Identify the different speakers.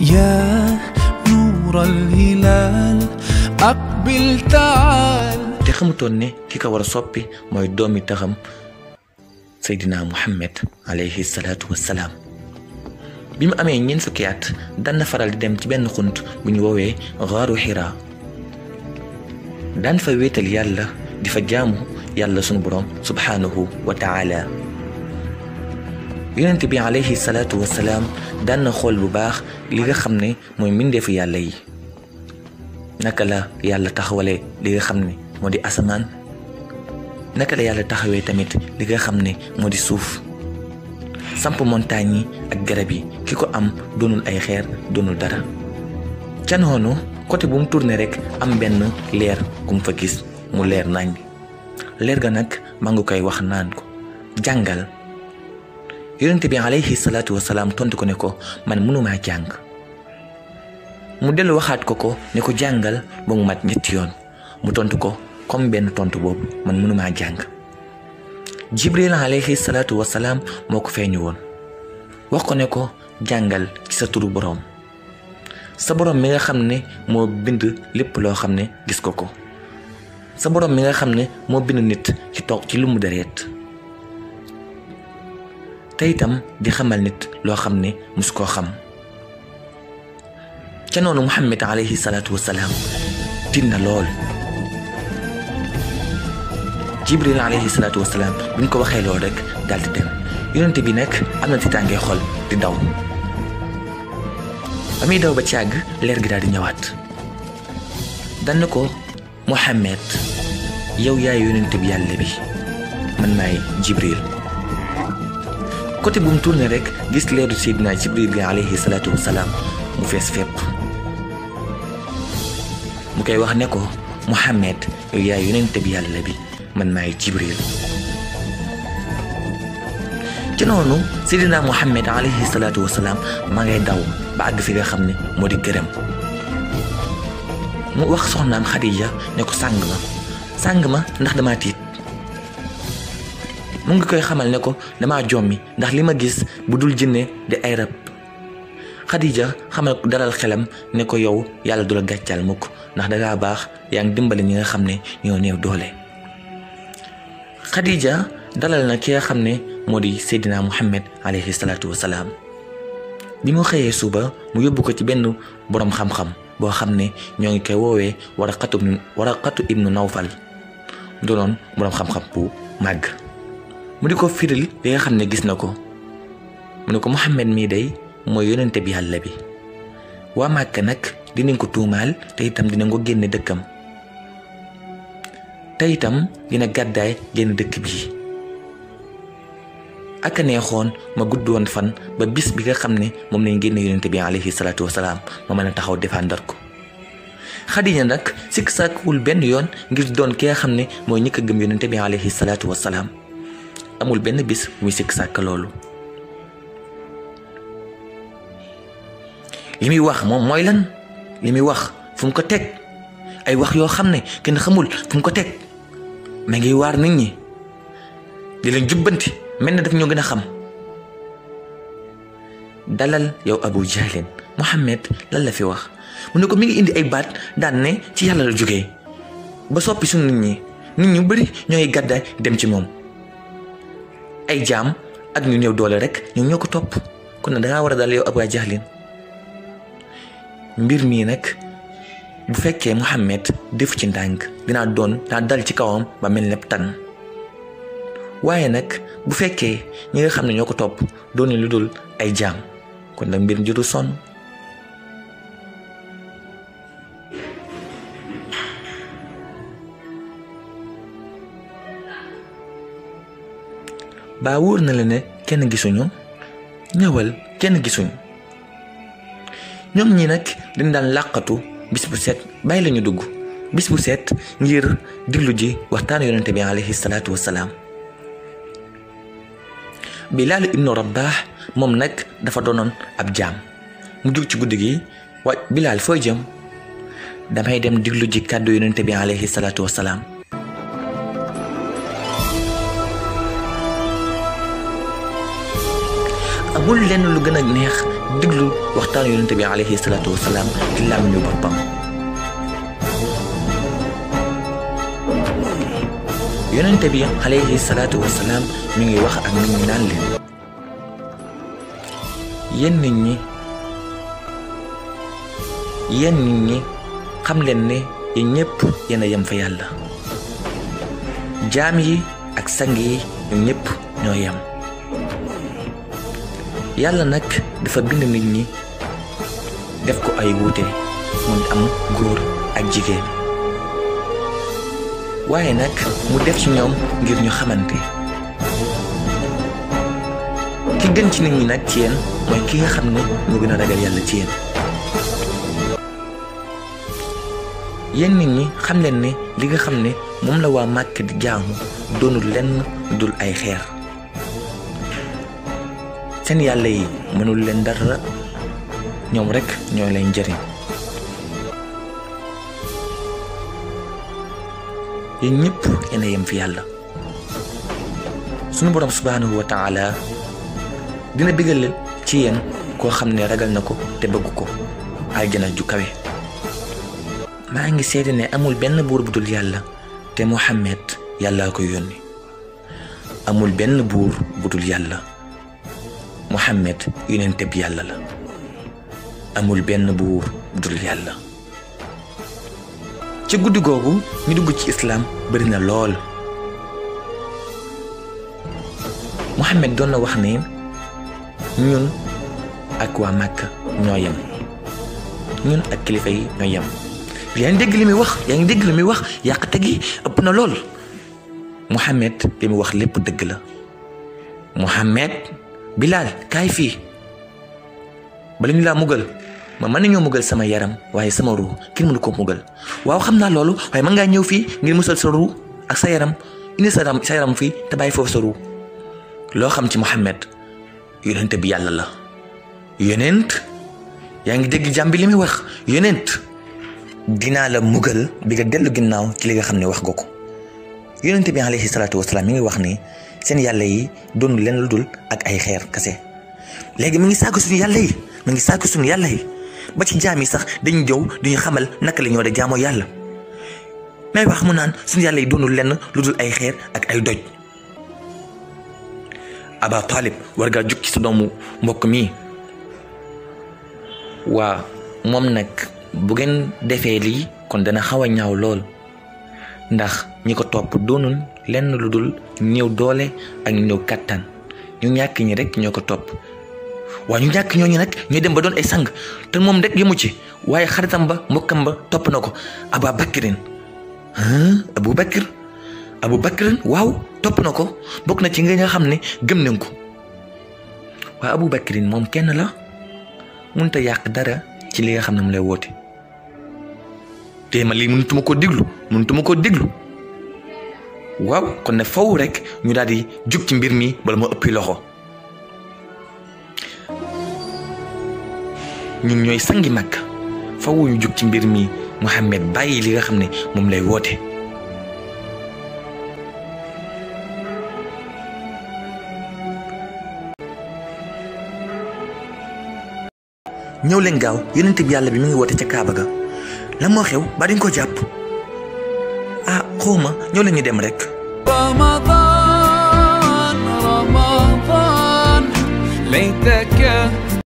Speaker 1: يا نور الهلال أقبل تعال te xamutoon ne ki ko war a soppi mooy doomi taxam Seydina Muhammad alayhi salaatu wa salaam bi mu amee ñeent fukki at daan na faral di dem ci benn xunt bu ñu woowee xaaru Xiraa daan fa wéetal yàlla di fa jaamu yàlla sunu borom subhaanahu wa ta'ala. yonent bi alayhi salaatu wasalaam daan na xool bu baax li nga xam ne mooy mbindeefu yàlla yi naka la yàlla taxawale li nga xam ne moo di asamaan naka la yàlla taxawee tamit li nga xam ne moo di suuf samp montagne yi ak garab yi ki ko am doonul ay xeer doonul dara ca noonu côté bu mu tourné rek am benn leer ku mu fa gis mu leer nañ leer ga nag maa ngi koy wax naan ko jàngal yonent bi alayhi salaatu wasalaam tontu ko ne ko man mënumaa jàng mu dellu waxaat ko ko ne ko jàngal ba mu mat ñetti yoon mu tontu ko comme benn tontu boobu man mënumaa jàng jibril alayhi salaatu wasalaam moo ko feeñu woon wax ko ne ko jàngal ci sa turu boroom sa boroom mi nga xam ne moo bind lépp loo xam ne gis ko ko sa boroom mi nga xam ne moo bind nit ci toog ci lu mu dereet te itam di xamal nit loo xam ne mus koo xam ca noonu Muhammad alayhi salaatu wasalaam din na lool Jibril alayhi salaatu wasalaam bi ñu ko waxee lool rek daal di dem yonente bi nag am na tiitaangee xol di daw ba muy daw ba ci àgg leer gi daal di ñëwaat dann ko Muhammad yow yaay yonente bi yàlla bi man maay Jibril côté bu mu tourné rek gis leeru Seydina Jibril gi alayhi salaatu wasalaam mu fees fépp mu koy wax ne ko Muhammad yow yaay yonente bi yàlla bi man maay Jibril ci noonu Seydina Muhammad alayhi salaatu maa ngay daw ba àgg fi nga xam ne moo di gërëm mu wax soxnaam Xadija ne ko sàng ma sàng ma ndax dama tiit mu ngi koy xamal ne ko dama jommi ndax li ma gis bu dul jinne di ay rab Khadija xamal dalal xelam ne ko yow yàlla du la gàccal mukk ndax dangaa baax yaa ngi dimbali ni nga xam ne ñoo néew doole Khadija dalal na ki nga xam ne moo di Seydina Muhammad alayhi salaatu wasalaam bi mu xëyee suba mu yóbbu ko ci benn boroom xam-xam boo xam ne ñoo ngi koy woowee Waraqatu Waraqatu ibnu Nawfal doonoon boroom xam-xam bu màgg mu di ko firil bi nga xam ne gis na ko mu ne ko Muhammad mii day mooy yonente bi yàlla bi waa Màkka nag dinañ ko tuumaal te itam dinañ ko génne dëkkam te itam dina gàddaay génn dëkk bi aka neexoon ma gudd woon fan ba bis bi nga xam ne moom lañ génne yonente bi alayhi salaatu wasalaam ma mën a taxaw défendre ko Xadija nag sikk sàkkwul benn yoon ngir doon ki nga xam ne mooy ñëkk a gëm yonente bi alayhi salaatu amul benn bis muy sikk sàkk loolu li muy wax moom mooy lan li muy wax fu ko teg ay wax yoo xam ne kenn xamul fum ko teg ma ngi waar nit ñi di leen jubbanti mel na daf ñoo gën a xam dalal yow Abu Jahlin Muhammad lan la fi wax mu ne ko mi ngi indi ay baat daan ne ci yàlla la jógee ba soppi suñu nit ñi nit ñu bëri ñooy gàddaay dem ci moom ay jaam ak ñu néew doole rek ñoom ñoo ko topp kon nag da war a dal yow Abaa Jahlin mbir mii nag bu fekkee Muhammad def ci ndànk dinaa doon naa dal ci kawam ba mel nepp tan waaye nag bu fekkee ñi nga xam ne ñoo ko topp doon lu dul ay jaam kon nag mbir mi baa wóor na la ne kenn gisuñu ñëwal kenn gisuñu ñoom ñii nag dañ daan làqatu bis bu set bàyyi lañu dugg bis bu set ngir diglu ji waxtaan yonente bi alayhi salaatu wasalaam Bilaal ibnu Rabaah moom nag dafa doonoon ab jaam mu jóg ci guddi gi waaj Bilaal fooy jëm damay dem diglu ji kàddu yonente bi alayhi salaatu wasalaam amul lenn lu gën a neex diglu waxtaanu yonente bi alayhi salaatu wasalaam ci làmmiñu boppam yonente bi mi ngi wax ak nit ñi naan leen yéen nit ñi yéen nit ñi xam leen ne yéen ñëpp yéen a yem fa yàlla jaam yi ak sang yi ñoom ñëpp ñoo yem yàlla nag dafa bind nit ñi def ko ay wuute muy am góor ak jigéen waaye nag mu def ci ñoom ngir ñu xamante ki gën ci nit ñi nag ci yéen mooy ki nga xam ne moo gën a ragal yàlla ci yéen nit ñi xam leen ne li nga xam ne moom la waa màkk di jaamu doonul lenn dul ay xeer seen yàlla yi mënul leen dara ñoom rekk ñoo leen jëriñ yéen ñëpp yéen a yem fi yàlla sunu borom subhaanahu wa taala dina bégal ci yéen koo xam ne ragal na ko te bëgg ko aljana ju kawe maa ngi seede ne amul benn buur bu dul yàlla te Muhammad yàllaa ko yónni amul benn buur bu dul yàlla Muhammad yonent bi yàlla la amul benn buur dul yàlla ci guddi googu ñu dugg ci islaam bëri na lool Muhammad doon na wax ne ñun ak waa Màkka ñoo yem ñun ak kilifa yi ñoo yem yaa ngi dégg li muy wax yaa ngi dégg li muy wax yàqate gi ëpp na lool Muhammad li mu wax lépp dëgg la Muhammad Bilal kaay fii bala ñu laa mugal ma mën nañoo mugal sama yaram waaye sama ru kenn mënu ko mugal waaw xam naa loolu waaye mën ngaa ñëw fii ngir musal sa ruu ak sa yaram indi sa yaram fii te bàyyi foofu sa ruu loo xam ci Muhammad yonent bi yàlla la yonent yaa ngi dégg jàmbi li muy wax yonent dinaa la mugal bi nga dellu ginnaaw ci li nga xam ne wax nga ko yonent bi alayhi salaatu wasalaam mi ngi wax ni seen yàlla yi doonul lenn lu dul ak ay xeer kase léegi mu ngi sàkk suñu yàlla yi mu ngi sàkk suñu yàlla yi ba ci jaam yi sax dañu jëw duñu xamal naka la ñoo de jaamoo yàlla may mu naan suñu yàlla yi lenn lu dul ay xeer ak ay doj aba taalib war ngaa jug ci sa doomu mbokk mi waa moom nag bu ngeen defee lii kon dana xaw a ñaaw lool ndax ñi ko topp doonul lenn lu dul néew doole ak néew kàttan ñu ñàkk ñi rek ñoo ko topp waaye ñu ñàkk ñooñu nag ñooy dem ba doon ay sang te moom rek yëmu ci waaye xaritam ba mbokkam ba topp na ko Abaa Bakrin Abu Bakr Abu Bakrin waaw topp na ko bokk na ci nga xam ne gëm nañ ko waaye Abu Bakrin moom kenn la mënut a yàq dara ci li nga xam ne mu lay woote te ma lii mënutuma koo déglu mënutuma koo déglu. waaw kon ne faw rek ñu daal di jug ci mbir mi bala moo ëppi loxo ñun ñooy sangi mag faw ñu jug ci mbir mi mu Mouhamed bàyyi li nga xam ne moom lay woote ñëw leen gaaw yonent bi yàlla bi mu ngi woote ca Kaaba ga la xew ba dañ ko jàpp xawma ñoo la ñu dem rek Ramadan Ramadan laytaka